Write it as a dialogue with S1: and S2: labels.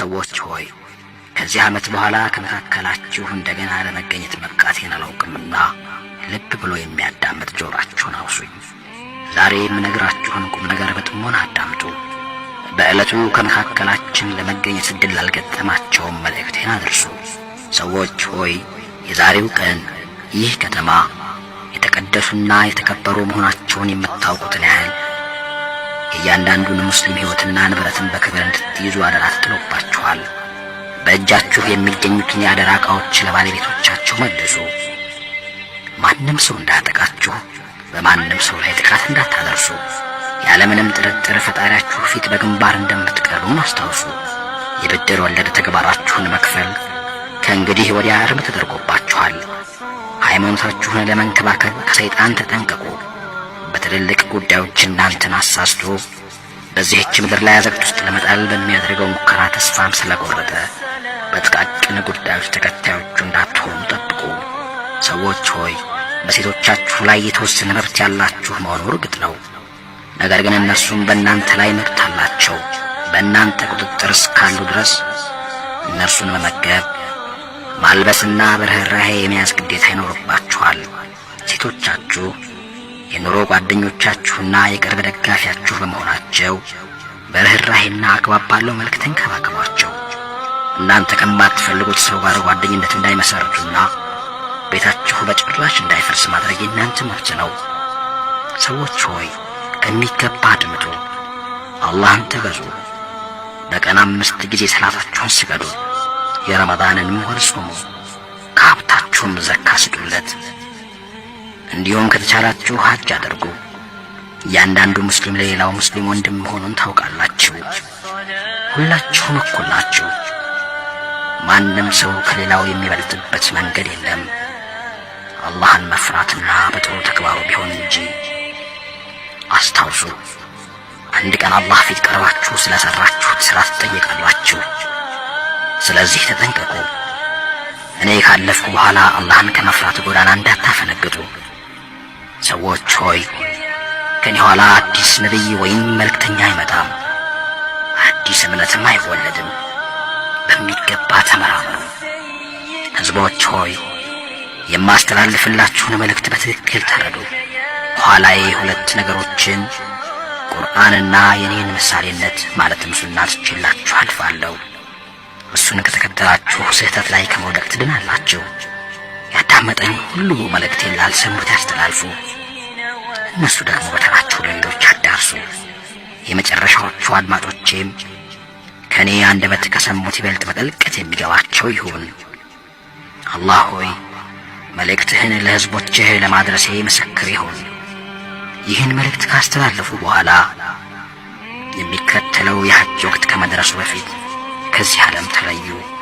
S1: ሰዎች ሆይ ከዚህ ዓመት በኋላ ከመካከላችሁ እንደገና ለመገኘት መብቃቴን አላውቅምና ልብ ብሎ የሚያዳምጥ ጆሮአችሁን አውሱኝ። ዛሬ የምነግራችሁን ቁም ነገር በጥሞና አዳምጡ። በዕለቱ ከመካከላችን ለመገኘት ዕድል ላልገጠማቸውም መልእክቴን አድርሱ። ሰዎች ሆይ የዛሬው ቀን ይህ ከተማ የተቀደሱና የተከበሩ መሆናቸውን የምታውቁትን ያህል የእያንዳንዱን ሙስሊም ሕይወትና ንብረትን በክብር እንድትይዙ አደራ ተጥሎባችኋል። በእጃችሁ የሚገኙትን የአደራ ዕቃዎች ለባለቤቶቻችሁ መልሱ። ማንም ሰው እንዳያጠቃችሁ፣ በማንም ሰው ላይ ጥቃት እንዳታደርሱ። ያለምንም ጥርጥር ፈጣሪያችሁ ፊት በግንባር እንደምትቀርቡም አስታውሱ። የብድር ወለድ ተግባራችሁን መክፈል ከእንግዲህ ወዲያ እርም ተደርጎባችኋል። ሃይማኖታችሁን ለመንከባከብ ከሰይጣን ተጠንቀቁ። በትልልቅ ጉዳዮች እናንተን አሳስቶ በዚህች ምድር ላይ አዘቅት ውስጥ ለመጣል በሚያደርገው ሙከራ ተስፋም ስለቆረጠ በጥቃቅን ጉዳዮች ተከታዮቹ እንዳትሆኑ ጠብቁ። ሰዎች ሆይ በሴቶቻችሁ ላይ የተወሰነ መብት ያላችሁ መሆኑ እርግጥ ነው። ነገር ግን እነርሱም በእናንተ ላይ መብት አላቸው። በእናንተ ቁጥጥር እስካሉ ድረስ እነርሱን መመገብ ማልበስና በርኅራኄ የመያዝ ግዴታ ይኖርባችኋል። ሴቶቻችሁ የኑሮ ጓደኞቻችሁና የቅርብ ደጋፊያችሁ በመሆናቸው በርኅራሄና አግባብ ባለው መልክ ተንከባከቧቸው። እናንተ ከማትፈልጉት ሰው ጋር ጓደኝነት እንዳይመሰርቱና ቤታችሁ በጭራሽ እንዳይፈርስ ማድረግ የእናንተ መብት ነው። ሰዎች ሆይ ከሚገባ አድምጡ፣ አላህን ተገዙ፣ በቀን አምስት ጊዜ ሰላታችሁን ስገዱ፣ የረመዳንንም ወር ጾሙ፣ ከሀብታችሁም ዘካ ስጡለት። እንዲሁም ከተቻላችሁ ሀጅ አድርጉ። እያንዳንዱ ሙስሊም ለሌላው ሙስሊም ወንድም መሆኑን ታውቃላችሁ። ሁላችሁም እኩል ናችሁ። ማንም ሰው ከሌላው የሚበልጥበት መንገድ የለም። አላህን መፍራትና በጥሩ ተግባሩ ቢሆን እንጂ። አስታውሱ፣ አንድ ቀን አላህ ፊት ቀርባችሁ ስለ ሠራችሁት ሥራ ትጠየቃላችሁ። ስለዚህ ተጠንቀቁ። እኔ ካለፍኩ በኋላ አላህን ከመፍራት ጎዳና እንዳታፈነግጡ። ሆይ ከኔ ኋላ አዲስ ነቢይ ወይም መልእክተኛ አይመጣም፣ አዲስ እምነትም አይወለድም። በሚገባ ተመራምሩ። ሕዝቦች ሆይ የማስተላልፍላችሁን መልእክት በትክክል ተረዱ። ኋላዬ ሁለት ነገሮችን ቁርአንና የኔን ምሳሌነት ማለትም ሱና ትችላችሁ አልፋለሁ። እሱን ከተከተላችሁ ስህተት ላይ ከመውደቅ ትድናላችሁ። ያዳመጠኝ ሁሉ መልእክቴን ላልሰሙት ያስተላልፉ። እነሱ ደግሞ በተራቸው ለሌሎች አዳርሱ። የመጨረሻዎቹ አድማጮቼም ከእኔ አንደበት ከሰሙት ይበልጥ በጥልቀት የሚገባቸው ይሁን። አላህ ሆይ መልእክትህን ለሕዝቦችህ ለማድረሴ ምስክር ይሁን። ይህን መልእክት ካስተላለፉ በኋላ የሚከተለው የሐጅ ወቅት ከመድረሱ በፊት ከዚህ ዓለም ተለዩ።